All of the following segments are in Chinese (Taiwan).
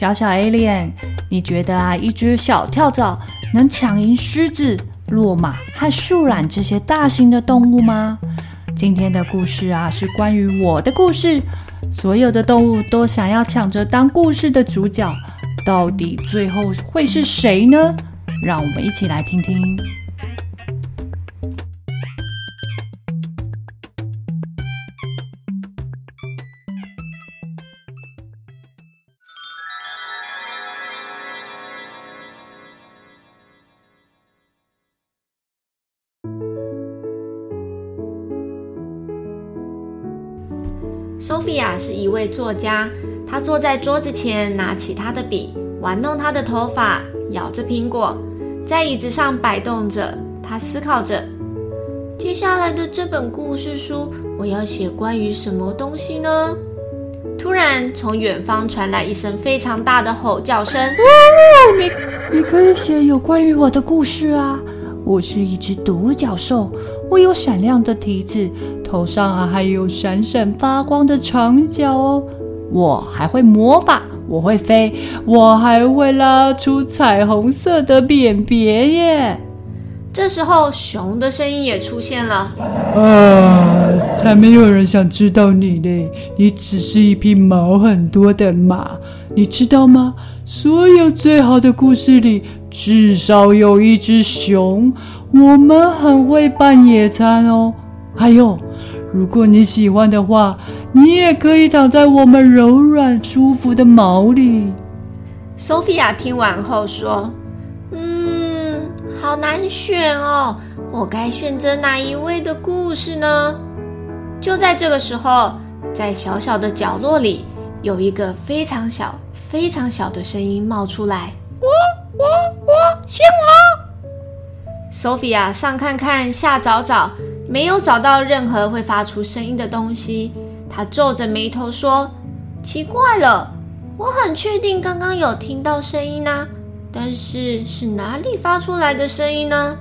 小小 Alien，你覺得啊，一隻小跳蚤能搶贏獅子、駱馬和樹懶這些大型的動物嗎？今天的故事啊，是關於我的故事。所有的動物都想要搶着當故事的主角，到底最後會是誰呢？讓我們一起來聽聽。Sophia 是一位作家，她坐在桌子前，拿起她的筆，玩弄她的頭髮，咬着蘋果，在椅子上擺動着。她思考着，接下來的這本故事書，我要寫關於什麼東西呢？突然，從遠方傳來一聲非常大的吼叫聲。你，你可以寫有關於我的故事啊。我是一隻獨角獸，我有閃亮的蹄子，頭上還有閃閃發光的長角哦。我還會魔法，我會飛，我還會拉出彩虹色的便便耶。這時候，熊的聲音也出現了。啊、呃，才沒有人想知道你呢。你只是一匹毛很多的馬，你知道嗎？所有最好的故事裡，至少有一隻熊。我們很會辦野餐哦。還有，如果你喜歡的話，你也可以躺在我們柔軟舒服的毛裡。Sophia 聽完後說。好難選哦，我該選擇哪一位的故事呢？就在這個時候，在小小的角落裡，有一個非常小、非常小的聲音冒出來：“我、我、我選我！”Sophia 啊，上看看，下找找，沒有找到任何會發出聲音的東西。她皺着眉頭說：“奇怪了，我很確定剛剛有聽到聲音啊。”但是是哪裡發出來的聲音呢？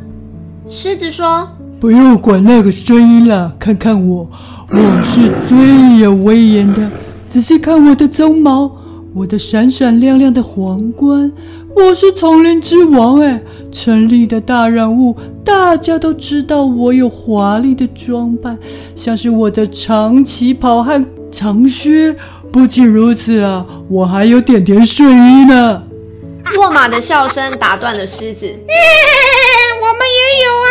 獅子說：“不用管那個聲音了，看看我，我是最有威嚴的。仔細看我的鬃毛，我的閃閃亮亮的皇冠，我是叢林之王、欸。哎，城裡的大人物，大家都知道我有華麗的裝扮，像是我的長旗袍和長靴。不僅如此啊，我還有點點睡衣呢。”駱馬的笑聲打斷了獅子。我們也有啊，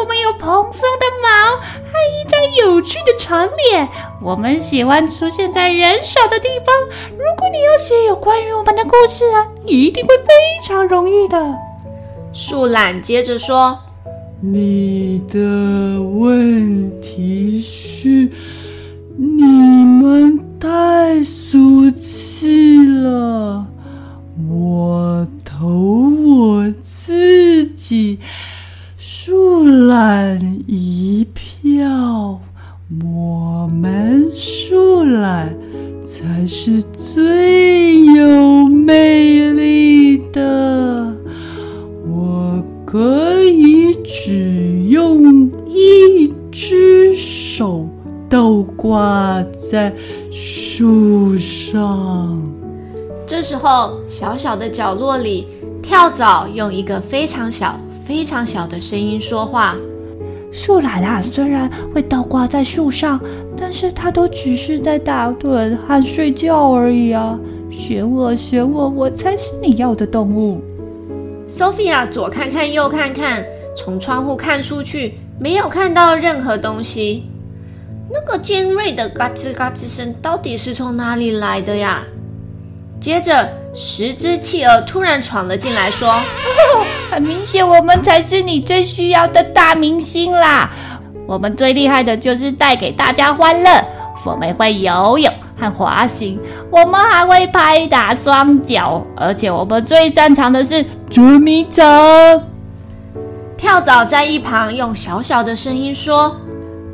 我們有蓬鬆的毛，還有一張有趣的長臉。我們喜歡出現在人少的地方。如果你要寫有關於我們的故事，啊，一定會非常容易的。樹懶接着說：“你的問題是，你們太俗氣了。”我投我自己樹懶一票，我們樹懶才是最有魅力的。我可以只用一隻手倒掛在樹上。這時候，小小的角落裡，跳蚤用一個非常小、非常小的聲音說話：“樹懶啊，雖然會倒掛在樹上，但是牠都只是在打盹和睡覺而已啊。選我，選我，我才是你要的動物。” Sophia 左看看，右看看，從窗戶看出去，沒有看到任何東西。那個尖銳的嘎吱嘎吱聲到底是從哪裡來的呀？接着，十隻企鵝突然闖了進來說，說、哦：“很明顯，我們才是你最需要的大明星啦！我們最厲害的就是帶給大家歡樂。我們會游泳和滑行，我們還會拍打雙腳，而且我們最擅長的是捉迷藏。”跳蚤在一旁用小小的聲音說：“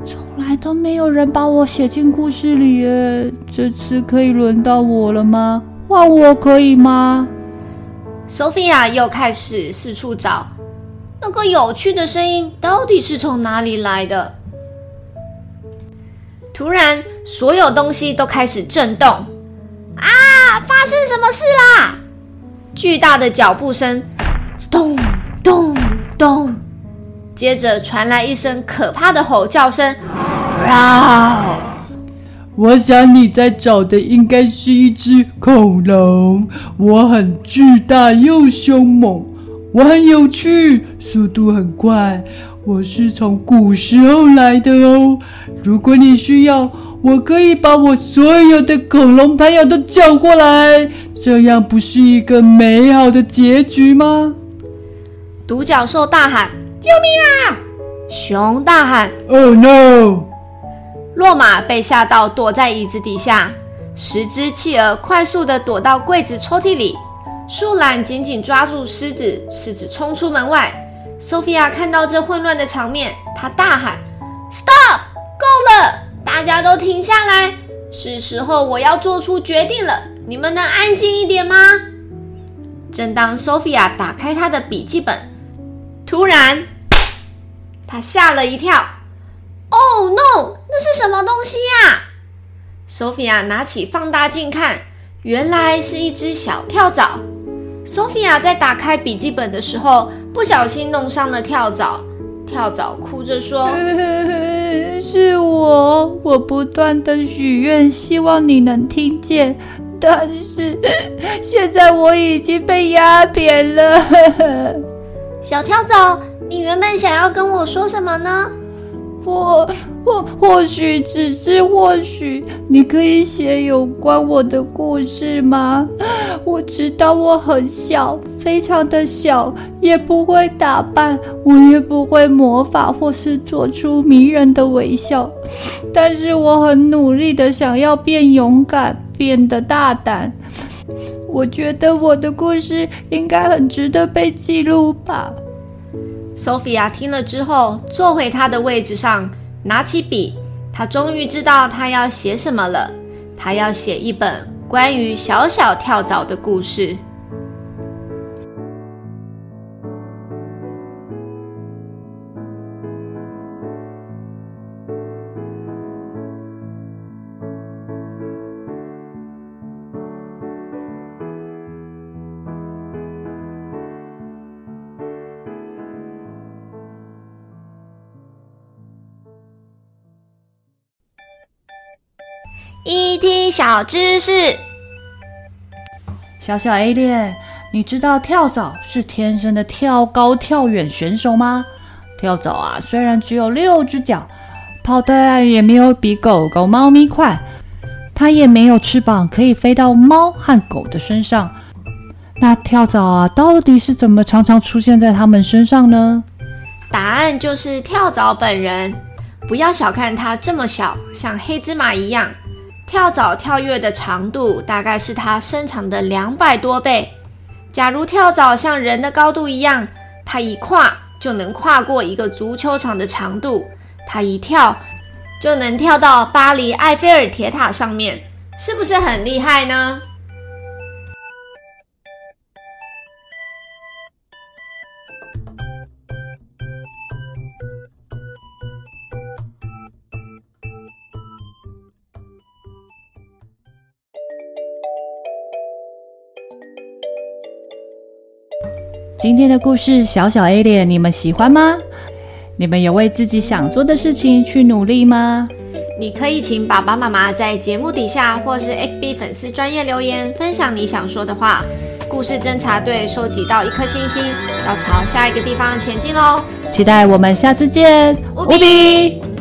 從來都沒有人把我寫進故事裡耶，這次可以輪到我了嗎？”換我可以嗎？索菲亞又開始四處找，那個有趣的聲音到底是從哪裡來的？突然，所有東西都開始震動！啊，發生什麼事啦？巨大的腳步聲，咚咚咚，接着傳來一聲可怕的吼叫聲：哇、啊！我想你在找的應該是一隻恐龍。我很巨大又兇猛，我很有趣，速度很快。我是從古時候來的哦。如果你需要，我可以把我所有的恐龍朋友都叫過來。這樣不是一個美好的結局嗎？獨角獸大喊：“救命啊！”熊大喊：“Oh no！” 駱馬被嚇到，躲在椅子底下。十隻企鵝快速的躲到櫃子抽屜裡。樹懶緊緊抓住獅子，獅子衝出門外。Sophia 看到這混亂的場面，她大喊：“Stop！夠了，大家都停下來！是時候我要做出決定了。你們能安靜一點嗎？”正當 Sophia 打開她的筆記本，突然，她嚇了一跳。哦、oh, no！那是什麼東西呀？啊？Sophia 拿起放大鏡看，原來是一隻小跳蚤。Sophia 在打開筆記本的時候，不小心弄傷了跳蚤。跳蚤哭着說：“是我，我不斷的許願，希望你能聽見，但是現在我已經被壓扁了。”小跳蚤，你原本想要跟我說什麼呢？我或或或許只是或許，你可以寫有關我的故事嗎？我知道我很小，非常的小，也不會打扮，我也不會魔法或是做出迷人的微笑。但是我很努力的想要變勇敢，變得大膽。我覺得我的故事應該很值得被記錄吧。索菲亞聽了之後，坐回她的位置上，拿起筆。她終於知道她要寫什麼了。她要寫一本關於小小跳蚤的故事。ET 小知識：小小 Alien，你知道跳蚤是天生的跳高跳遠選手嗎？跳蚤啊，雖然只有六只腳，跑得也沒有比狗狗、貓咪快，它也沒有翅膀可以飛到貓和狗的身上。那跳蚤啊，到底是怎麼常常出現在它們身上呢？答案就是跳蚤本人。不要小看它這麼小，像黑芝麻一樣。跳蚤跳躍的長度大概是它身長的兩百多倍。假如跳蚤像人的高度一樣，它一跨就能跨過一個足球場的長度，它一跳就能跳到巴黎埃菲爾鐵塔上面，是不是很厲害呢？今天的故事，小小 Alien 你們喜歡嗎？你們有為自己想做的事情去努力嗎？你可以請爸爸媽媽在節目底下或是 FB 粉絲專頁留言分享你想說的話。故事偵查隊收集到一顆星星，要朝下一個地方前進嘍！期待我們下次見，無比 bi